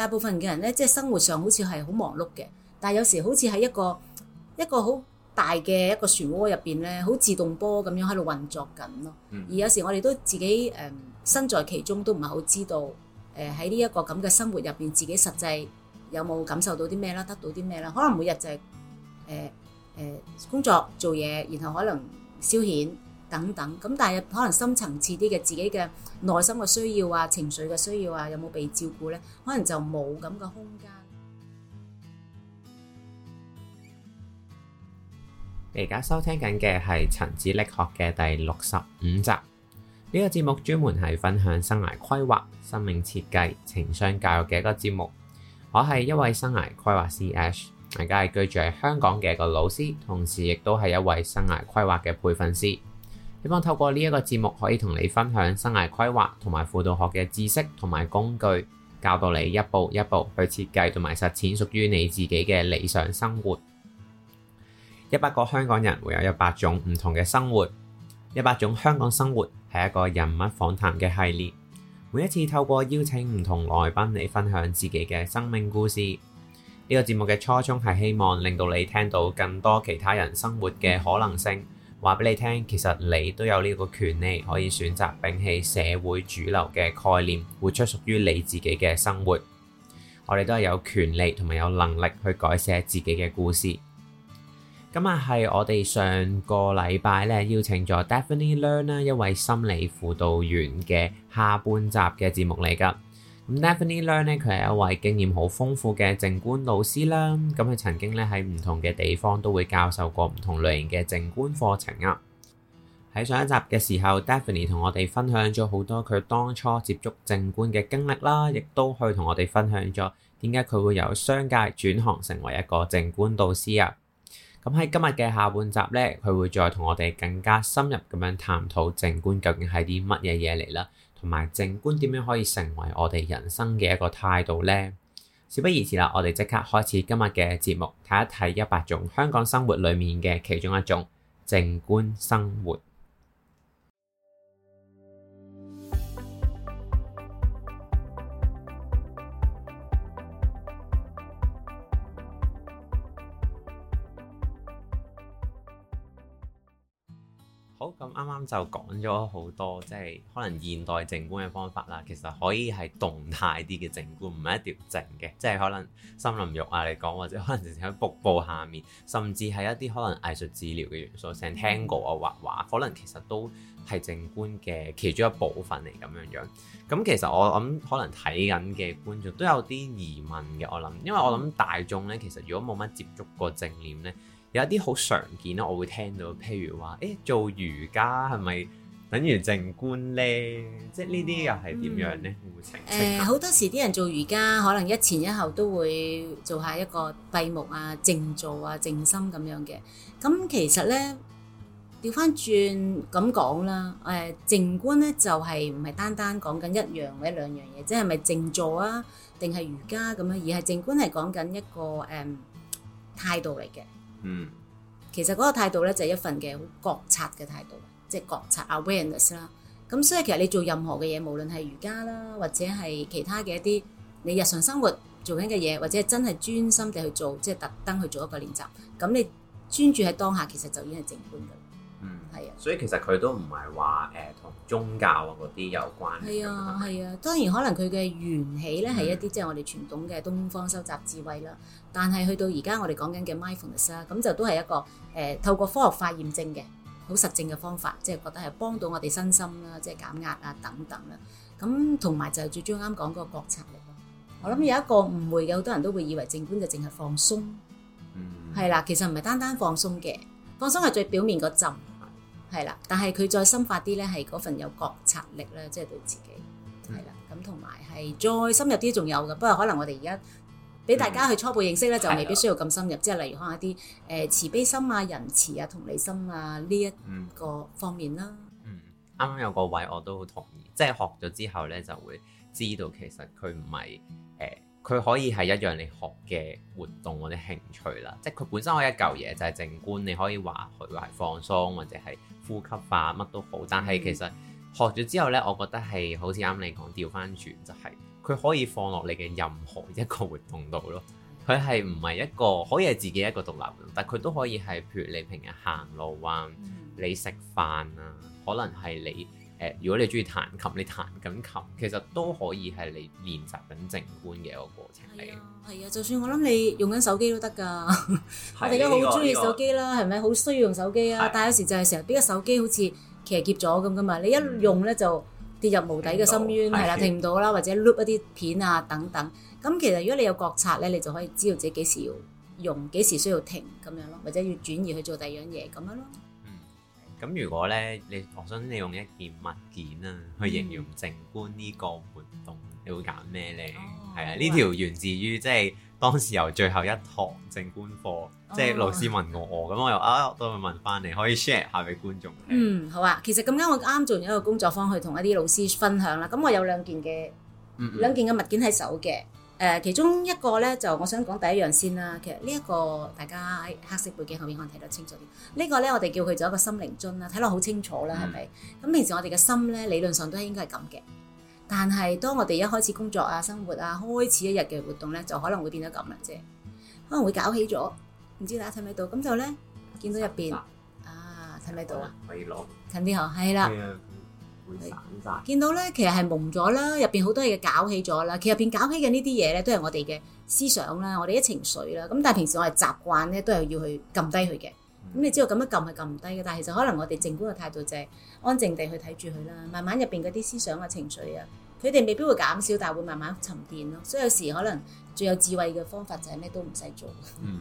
大部分嘅人咧，即係生活上好似係好忙碌嘅，但係有時好似喺一個一個好大嘅一個漩渦入邊咧，好自動波咁樣喺度運作緊咯。而有時我哋都自己誒、嗯、身在其中，都唔係好知道誒喺呢一個咁嘅生活入邊，自己實際有冇感受到啲咩啦，得到啲咩啦？可能每日就係誒誒工作做嘢，然後可能消遣。等等咁，但係可能深層次啲嘅自己嘅內心嘅需要啊，情緒嘅需要啊，有冇被照顧呢？可能就冇咁嘅空間。而家收聽緊嘅係《陳志力學》嘅第六十五集呢個節目，專門係分享生涯規劃、生命設計、情商教育嘅一個節目。我係一位生涯規劃師 Ash，而家係居住喺香港嘅一個老師，同時亦都係一位生涯規劃嘅培訓師。希望透過呢一個節目，可以同你分享生涯規劃同埋輔導學嘅知識同埋工具，教到你一步一步去設計同埋實踐屬於你自己嘅理想生活。一百個香港人會有一百種唔同嘅生活，一百種香港生活係一個人物訪談嘅系列。每一次透過邀請唔同來賓嚟分享自己嘅生命故事，呢個節目嘅初衷係希望令到你聽到更多其他人生活嘅可能性。話俾你聽，其實你都有呢個權利，可以選擇摒棄社會主流嘅概念，活出屬於你自己嘅生活。我哋都係有權利同埋有能力去改寫自己嘅故事。今日係我哋上個禮拜咧邀請咗 Daphne Leung 啦、er、一位心理輔導員嘅下半集嘅節目嚟㗎。咁 Daphne Leung 咧，佢係一位經驗好豐富嘅靜觀老師啦。咁佢曾經咧喺唔同嘅地方都會教授過唔同類型嘅靜觀課程啊。喺上一集嘅時候 Daphne 同我哋分享咗好多佢當初接觸靜觀嘅經歷啦，亦都去同我哋分享咗點解佢會由商界轉行成為一個靜觀導師啊。咁喺今日嘅下半集咧，佢會再同我哋更加深入咁樣探討靜觀究竟係啲乜嘢嘢嚟啦。同埋靜觀點樣可以成為我哋人生嘅一個態度呢？事不宜遲啦，我哋即刻開始今日嘅節目，睇一睇一百種香港生活裏面嘅其中一種靜觀生活。啱啱就講咗好多，即係可能現代靜觀嘅方法啦。其實可以係動態啲嘅靜觀，唔係一碟靜一條靜嘅。即係可能森林浴啊嚟講，或者可能直至直接喺瀑布下面，甚至係一啲可能藝術治療嘅元素，成日聽過啊畫畫，可能其實都係靜觀嘅其中一部分嚟咁樣樣。咁其實我諗可能睇緊嘅觀眾都有啲疑問嘅。我諗，因為我諗大眾呢，其實如果冇乜接觸過正念呢。有一啲好常見咯，我會聽到，譬如話，誒做瑜伽係咪等於靜觀咧？即係呢啲又係點樣咧？會澄清下，誒好多時啲人做瑜伽，可能一前一後都會做下一個閉目啊、靜坐啊、靜心咁樣嘅。咁其實咧，掉返轉咁講啦，誒靜觀咧就係唔係單單講緊一樣或者兩樣嘢，即係咪靜坐啊，定係瑜伽咁樣，而係靜觀係講緊一個誒態度嚟嘅。嗯，其實嗰個態度咧就係、是、一份嘅覺察嘅態度，即係覺察 awareness 啦。咁所以其實你做任何嘅嘢，無論係瑜伽啦，或者係其他嘅一啲你日常生活做緊嘅嘢，或者係真係專心地去做，即係特登去做一個練習。咁你專注喺當下，其實就已經係靜觀㗎喇。嗯嗯，係啊，所以其實佢都唔係話誒同宗教啊嗰啲有關。係啊，係啊，當然可能佢嘅源起咧係一啲即係我哋傳統嘅東方修習智慧啦。但係去到而家我哋講緊嘅 mindfulness 啦，咁就都係一個誒、呃、透過科學化驗證嘅好實證嘅方法，即係覺得係幫到我哋身心啦，即係減壓啊等等啦。咁同埋就最終啱講嗰個覺察力咯。我諗有一個誤會有好多人都會以為靜觀就淨係放鬆。嗯，係啦、啊，其實唔係單,單單放鬆嘅，放鬆係最表面個浸。係啦，但係佢再深化啲咧，係嗰份有覺察力咧，即係對自己係啦。咁同埋係再深入啲仲有嘅，不過可能我哋而家俾大家去初步認識咧，嗯、就未必需要咁深入。嗯、即係例如可能一啲誒、呃、慈悲心啊、仁慈啊、同理心啊呢一個方面啦。嗯，啱啱有個位我都好同意，即係學咗之後咧就會知道其實佢唔係誒。呃佢可以係一樣你學嘅活動或者興趣啦，即係佢本身可以一嚿嘢就係靜觀，你可以話佢話係放鬆或者係呼吸法乜都好。但係其實學咗之後呢，我覺得係好似啱你講，調翻轉就係佢可以放落你嘅任何一個活動度咯。佢係唔係一個可以係自己一個獨立活動，但佢都可以係譬如你平日行路啊，你食飯啊，可能係你。如果你中意彈琴，你彈緊琴，其實都可以係你練習緊靜觀嘅一個過程嚟。係啊、哎，就算我諗你用緊手機都得㗎， 哎、呀我哋而家好中意手機啦，係咪、哎呀？好需要用手機啊，哎、呀但係有時就係成日俾個手機好似騎劫咗咁㗎嘛。你一用咧就跌入無底嘅深淵，係啦，停唔到啦，或者 loop 一啲片啊等等。咁其實如果你有覺察咧，你就可以知道自己幾時要用，幾時需要停咁樣咯，或者要轉移去做第二樣嘢咁樣咯。咁如果咧，你我想你用一件物件啊，去形容靜觀呢個活動，嗯、你會揀咩咧？係、哦、啊，呢像條源自於即係當時由最後一堂靜觀課，即、就、係、是、老師問我，哦、我咁、啊、我又啊都會問翻你，可以 share 下俾觀眾嗯，好啊。其實咁啱我啱做完一個工作坊去同一啲老師分享啦。咁我有兩件嘅、嗯嗯、兩件嘅物件喺手嘅。誒，其中一個咧，就我想講第一樣先啦，啊。其實呢，這，一個大家喺黑色背景後面可能睇得清楚啲。呢，這個咧，我哋叫佢做一個心靈樽啦，睇落好清楚啦，係咪？咁、嗯、平時我哋嘅心咧，理論上都應該係咁嘅。但係當我哋一開始工作啊、生活啊、開始一日嘅活動咧，就可能會變咗咁啦，即係可能會搞起咗。唔知大家睇唔睇到？咁就咧見到入邊啊，睇唔睇到啊？可以攞近啲呵，係啦。散曬見到咧，其實係矇咗啦，入邊好多嘢搞起咗啦。其實入邊搞起嘅呢啲嘢咧，都係我哋嘅思想啦，我哋啲情緒啦。咁但係平時我係習慣咧，都係要去撳低佢嘅。咁、mm hmm. 嗯、你知道咁樣撳係撳唔低嘅，但係其實可能我哋靜觀嘅態度就係安靜地去睇住佢啦。慢慢入邊嗰啲思想嘅情緒啊，佢哋未必會減少，但係會慢慢沉澱咯。所以有時可能最有智慧嘅方法就係咩都唔使做。Mm hmm.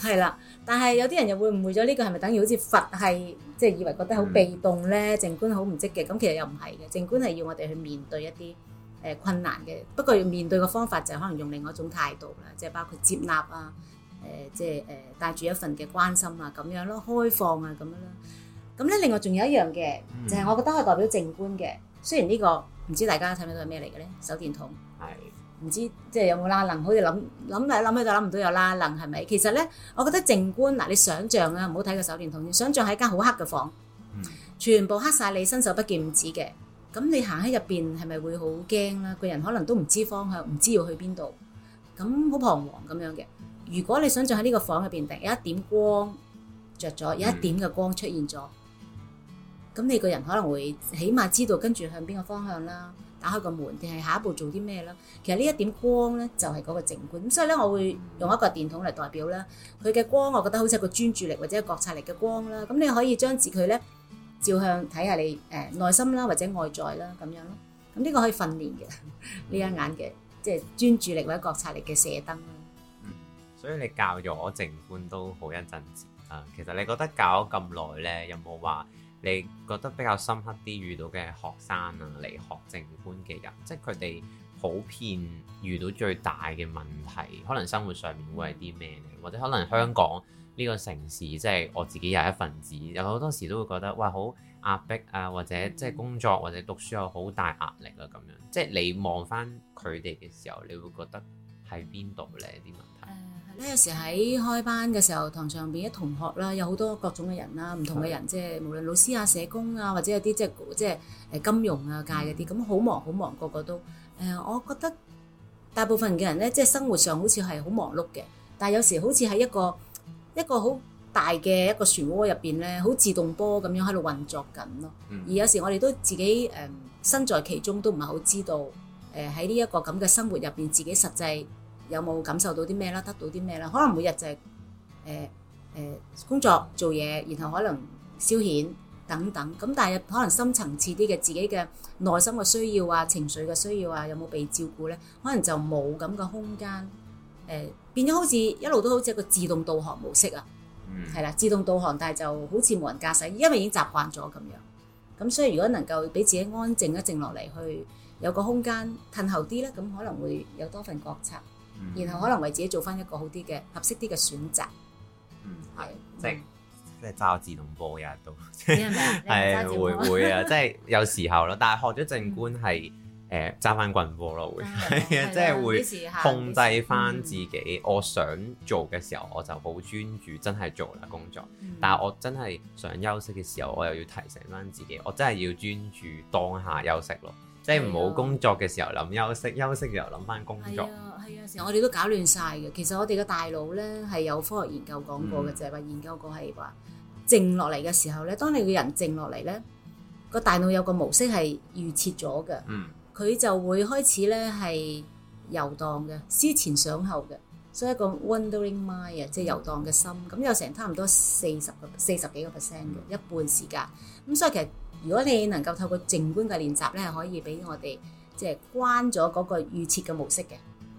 係啦，但係有啲人又會誤會咗呢、這個係咪等於好似佛係即係以為覺得好被動咧？靜、嗯、觀好唔積極咁，其實又唔係嘅。靜觀係要我哋去面對一啲誒、呃、困難嘅，不過要面對嘅方法就係可能用另外一種態度啦，即係包括接納啊，誒即係誒帶住一份嘅關心啊，咁樣咯，開放啊咁樣咯。咁咧，另外仲有一樣嘅，就係、是、我覺得係代表靜觀嘅。嗯、雖然呢、這個唔知大家睇唔睇到係咩嚟嘅咧，手電筒。係。唔知即係有冇拉楞？好似諗，諗嚟諗去就諗唔到有拉楞係咪？其實咧，我覺得靜觀嗱，你想象啊，唔好睇個手電筒，想象喺間好黑嘅房，全部黑晒，你伸手不見五指嘅，咁你行喺入邊係咪會好驚啦？個人可能都唔知方向，唔知要去邊度，咁好彷徨咁樣嘅。如果你想象喺呢個房入邊，突然有一點光著咗，有一點嘅光出現咗，咁你個人可能會起碼知道跟住向邊個方向啦。打開個門定係下一步做啲咩啦？其實呢一點光咧就係嗰個靜觀，咁所以咧我會用一個電筒嚟代表啦。佢嘅光我覺得好似一個專注力或者覺察力嘅光啦。咁你可以將住佢咧，照向睇下你誒，內心啦或者外在啦咁樣咯。咁呢個可以訓練嘅呢一眼嘅，即係專注力或者覺察力嘅射燈啦。嗯，所以你教咗我靜觀都好一陣子啊。其實你覺得教咗咁耐咧，有冇話？你覺得比較深刻啲遇到嘅學生啊，嚟學靜觀嘅人，即係佢哋普遍遇到最大嘅問題，可能生活上面會係啲咩呢？或者可能香港呢個城市，即係我自己有一份子，有好多時都會覺得嘩好壓迫啊，或者即係工作或者讀書有好大壓力啊咁樣。即係你望返佢哋嘅時候，你會覺得喺邊度呢？」啲問？咧有時喺開班嘅時候，堂上邊啲同學啦，有好多各種嘅人啦，唔同嘅人，即係無論老師啊、社工啊，或者有啲即係即係誒金融啊界嗰啲，咁好忙好忙，個個都誒，我覺得大部分嘅人咧，即係生活上好似係好忙碌嘅，但係有時好似喺一個一個好大嘅一個漩渦入邊咧，好自動波咁樣喺度運作緊咯。而有時我哋都自己誒身在其中，都唔係好知道誒喺呢一個咁嘅生活入邊，自己實際。有冇感受到啲咩啦？得到啲咩啦？可能每日就係誒誒工作做嘢，然後可能消遣等等。咁但係可能深層次啲嘅自己嘅內心嘅需要啊、情緒嘅需要啊，有冇被照顧咧？可能就冇咁嘅空間誒、呃，變咗好似一路都好似一個自動導航模式啊，係啦、mm.，自動導航，但係就好似冇人駕駛，因為已經習慣咗咁樣。咁所以如果能夠俾自己安靜一靜落嚟，去有個空間褪後啲咧，咁可能會有多份覺察。然後可能為自己做翻一個好啲嘅合適啲嘅選擇，嗯，即係即係揸自動波有日都係會會啊！即係有時候咯，但係學咗靜觀係誒揸翻棍波咯，會係啊，即係會控制翻自己。我想做嘅時候，我就好專注真，真係做啦工作。嗯、但係我真係想休息嘅時候，我又要提醒翻自己，我真係要專注當下休息咯。即係唔好工作嘅時候諗休息，休息又諗翻工作。係啊，係啊，成日我哋都搞亂曬嘅。其實我哋個大腦咧係有科學研究講過嘅，就係話研究過係話靜落嚟嘅時候咧，當你個人靜落嚟咧，個大腦有個模式係預設咗嘅。嗯，佢就會開始咧係遊蕩嘅，思前想後嘅，所以一個 wandering mind 啊，即係遊蕩嘅心。咁有成差唔多四十個、四十幾個 percent 嘅一半時間。咁所以其實。如果你能夠透過靜觀嘅練習咧，係可以俾我哋即係關咗嗰個預設嘅模式嘅，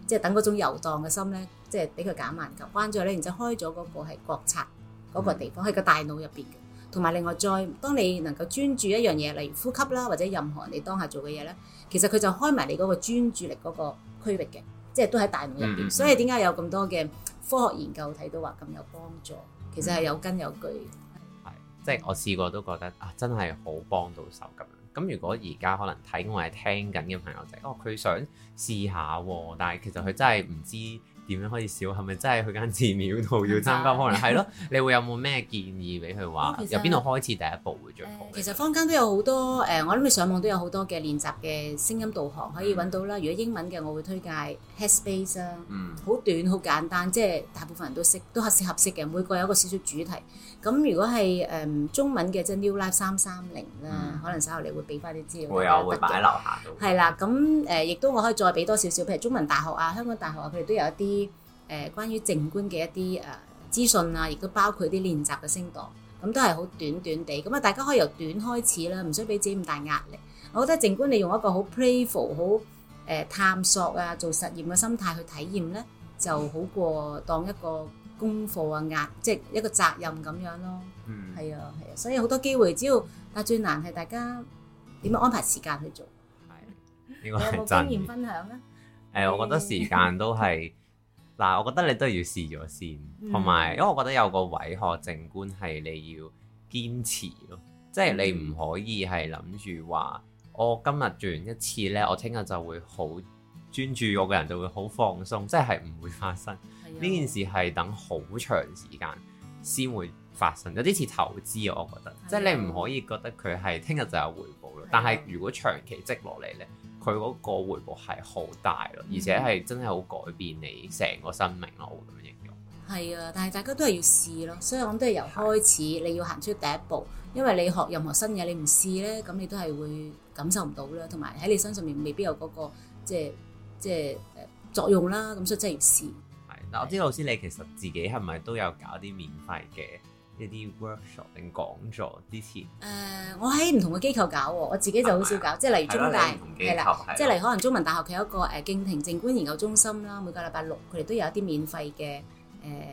即係等嗰種遊蕩嘅心咧，即係俾佢減慢及關咗咧，然之後開咗嗰個係覺察嗰個地方，喺、嗯、個大腦入邊嘅。同埋另外再，當你能夠專注一樣嘢，例如呼吸啦，或者任何你當下做嘅嘢咧，其實佢就開埋你嗰個專注力嗰個區域嘅，即係都喺大腦入邊。嗯、所以點解有咁多嘅科學研究睇到話咁有幫助？其實係有根有據。即係我試過都覺得啊，真係好幫到手咁樣。咁如果而家可能睇我係聽緊嘅朋友仔，就係，哦，佢想試下，啊，但係其實佢真係唔知，點樣可以少？係咪真係去間寺廟度要參加，可能係咯，你會有冇咩建議俾佢，話由邊度開始第一步會最好？其實坊間都有好多誒，我諗你上網都有好多嘅練習嘅聲音導航可以揾到啦。如果英文嘅，我會推介 Headspace 啦，嗯，好短好簡單，即係大部分人都識都合適合適嘅。每個有一個少少主題。咁如果係誒中文嘅，即係 New Life 三三零啦，可能稍後你會俾翻啲資料，會有會擺喺樓下度。係啦，咁誒亦都我可以再俾多少少，譬如中文大學啊、香港大學啊，佢哋都有一啲。誒，關於靜觀嘅一啲誒資訊啊，亦都包括啲練習嘅升度，咁都係好短短地，咁啊大家可以由短開始啦，唔需要俾自己咁大壓力。我覺得靜觀你用一個好 playful、好誒探索啊、做實驗嘅心態去體驗咧，就好過當一個功課啊、壓即係一個責任咁樣咯。嗯，係啊，係啊，所以好多機會，只要但最難係大家點樣安排時間去做。係，你有冇經驗分享呢？誒，我覺得時間都係嗱，但我覺得你都要試咗先，同埋，因為我覺得有個委學靜觀係你要堅持咯，即係你唔可以係諗住話，我今日做完一次呢，我聽日就會好專注我，我個人就會好放鬆，即係唔會發生。呢的件事係等好長時間先會發生，有啲似投資，我覺得，的即係你唔可以覺得佢係聽日就有回報咯。的但係如果長期積落嚟呢。佢嗰個回報係好大咯，而且係真係好改變你成個生命咯，我會咁樣形容。係啊，但係大家都係要試咯，所以我諗都係由開始你要行出第一步，的因為你學任何新嘢，你唔試呢，咁你都係會感受唔到啦，同埋喺你身上面未必有嗰個即係即係作用啦，咁所以真係要試。係，嗱，我知道老師你其實自己係咪都有搞啲免費嘅？呢啲 workshop 定講座之前，誒、呃，我喺唔同嘅機構搞喎、哦，我自己就好少搞，啊、即係例如中大係啦，即係例如可能中文大學佢有一個誒敬亭靜觀研究中心啦，每個禮拜六佢哋都有一啲免費嘅誒、uh,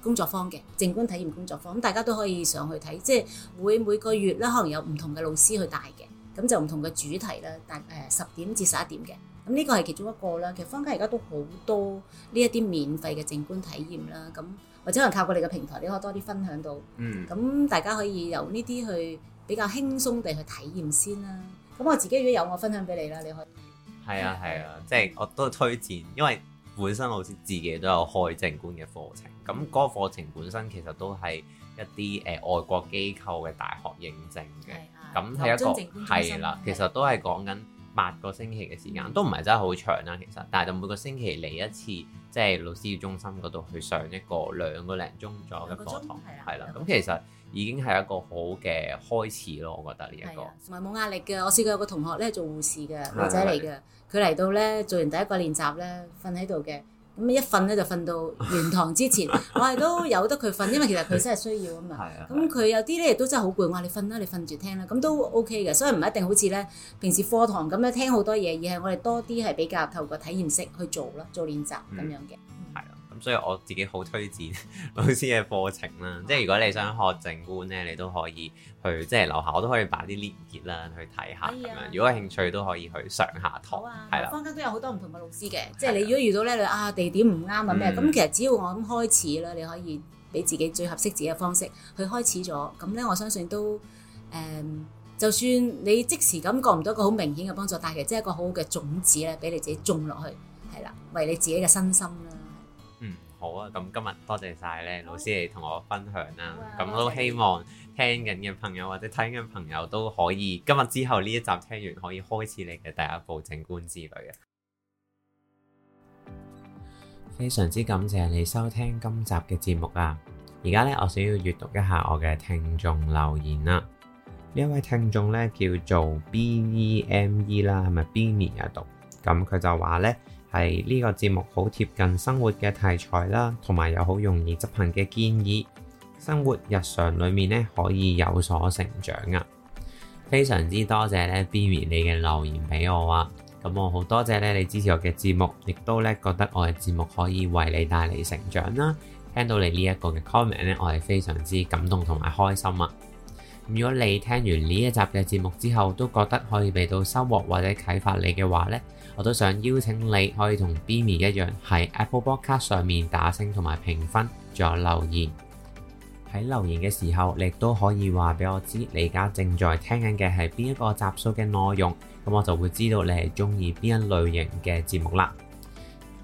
工作坊嘅靜觀體驗工作坊，咁大家都可以上去睇，即係會每個月啦，可能有唔同嘅老師去帶嘅，咁就唔同嘅主題啦，但誒十、uh, 點至十一點嘅，咁呢個係其中一個啦。其實坊間而家都好多呢一啲免費嘅靜觀體驗啦，咁。或者能靠過你嘅平台，你可以多啲分享到。嗯，咁大家可以由呢啲去比較輕鬆地去體驗先啦。咁我自己如果有我分享俾你啦，你可以。係啊係啊，即係、啊啊就是、我都推薦，因為本身好似自己都有開靜觀嘅課程。咁、那、嗰個課程本身其實都係一啲誒、呃、外國機構嘅大學認證嘅。係啊。咁係一個係啦，其實都係講緊八個星期嘅時間，嗯、都唔係真係好長啦。其實但係就每個星期嚟一次。即係老師中心嗰度去上一個兩個零鐘左右嘅課堂，係啦。咁了其實已經係一個好嘅開始咯，我覺得呢一個同埋冇壓力嘅。我試過有個同學咧做護士嘅女仔嚟嘅，佢嚟到咧做完第一個練習咧瞓喺度嘅。咁一瞓咧就瞓到完堂之前， 我係都由得佢瞓，因為其實佢真係需要啊嘛。咁佢 有啲咧亦都真係好攰，我話你瞓啦，你瞓住聽啦，咁都 O K 嘅。所以唔一定好似咧平時課堂咁樣聽好多嘢，而係我哋多啲係比較透過體驗式去做咯，做練習咁樣嘅。嗯。所以我自己好推薦老師嘅課程啦，啊、即係如果你想學靜觀咧，嗯、你都可以去即係、就是、樓下，我都可以擺啲連結啦去睇下咁的樣。如果有興趣都可以去上下堂，係啦、啊。坊間的都有好多唔同嘅老師嘅，的即係你如果遇到咧，你啊地點唔啱啊咩咁，的其實只要我咁開始啦，你可以俾自己最合適自己嘅方式去開始咗。咁咧我相信都誒、嗯，就算你即時感覺唔到一個好明顯嘅幫助，但係其實即係一個好好嘅種子咧，俾你自己種落去係啦，為你自己嘅身心啦。好啊，咁今日多謝晒咧，老師你同我分享啦，咁都哇希望聽緊嘅朋友或者聽緊朋友都可以，今日之後呢一集聽完可以開始你嘅第一步靜觀之旅啊！非常之感謝你收聽今集嘅節目啊！而家呢，我想要閱讀一下我嘅聽眾留言啦。呢一位聽眾呢叫做 BEME 啦，係、e、咪、e, B m e 嘅讀？咁佢就話呢。係呢個節目好貼近生活嘅題材啦，同埋又好容易執行嘅建議，生活日常裡面咧可以有所成長啊！非常之多謝咧 Bimi 你嘅留言俾我啊，咁我好多謝咧你支持我嘅節目，亦都咧覺得我嘅節目可以為你帶嚟成長啦，聽到你呢一個嘅 comment 咧，我係非常之感動同埋開心啊！如果你聽完呢一集嘅節目之後，都覺得可以俾到收穫或者啟發你嘅話呢，我都想邀請你可以同 Bimi 一樣喺 Apple Podcast 上面打星同埋評分，仲有留言。喺留言嘅時候，你都可以話俾我知你而家正在聽緊嘅係邊一個集數嘅內容，咁我就會知道你係中意邊一類型嘅節目啦。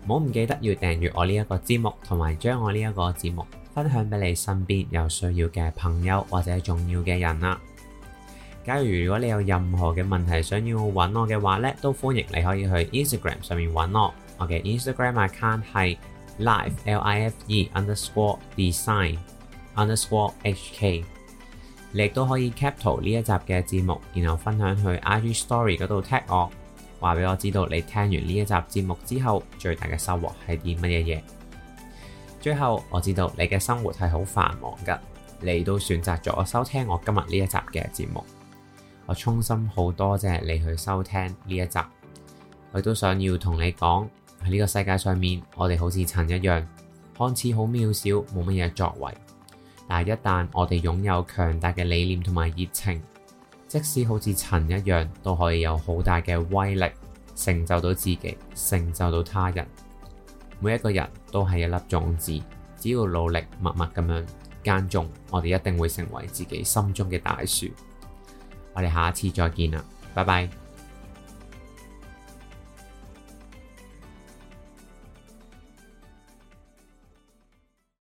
唔好唔記得要訂閱我呢一個節目，同埋將我呢一個節目分享俾你身邊有需要嘅朋友或者重要嘅人啦。假如如果你有任何嘅問題想要揾我嘅話呢，都歡迎你可以去 Instagram 上面揾我。我嘅、okay, Instagram account 係 Life L I F E Underscore Design Underscore H K。你亦都可以 capture 呢一集嘅節目，然後分享去 IG Story 嗰度 tag 我，話俾我知道你聽完呢一集節目之後最大嘅收穫係啲乜嘢嘢。最後我知道你嘅生活係好繁忙噶，你都選擇咗收聽我今日呢一集嘅節目，我衷心好多謝你去收聽呢一集，我都想要同你講喺呢個世界上面，我哋好似塵一樣，看似好渺小，冇乜嘢作為。但係，一旦我哋擁有強大嘅理念同埋熱情，即使好似塵一樣，都可以有好大嘅威力，成就到自己，成就到他人。每一個人都係一粒種子，只要努力默默咁樣耕種，我哋一定會成為自己心中嘅大樹。我哋下次再見啦，拜拜。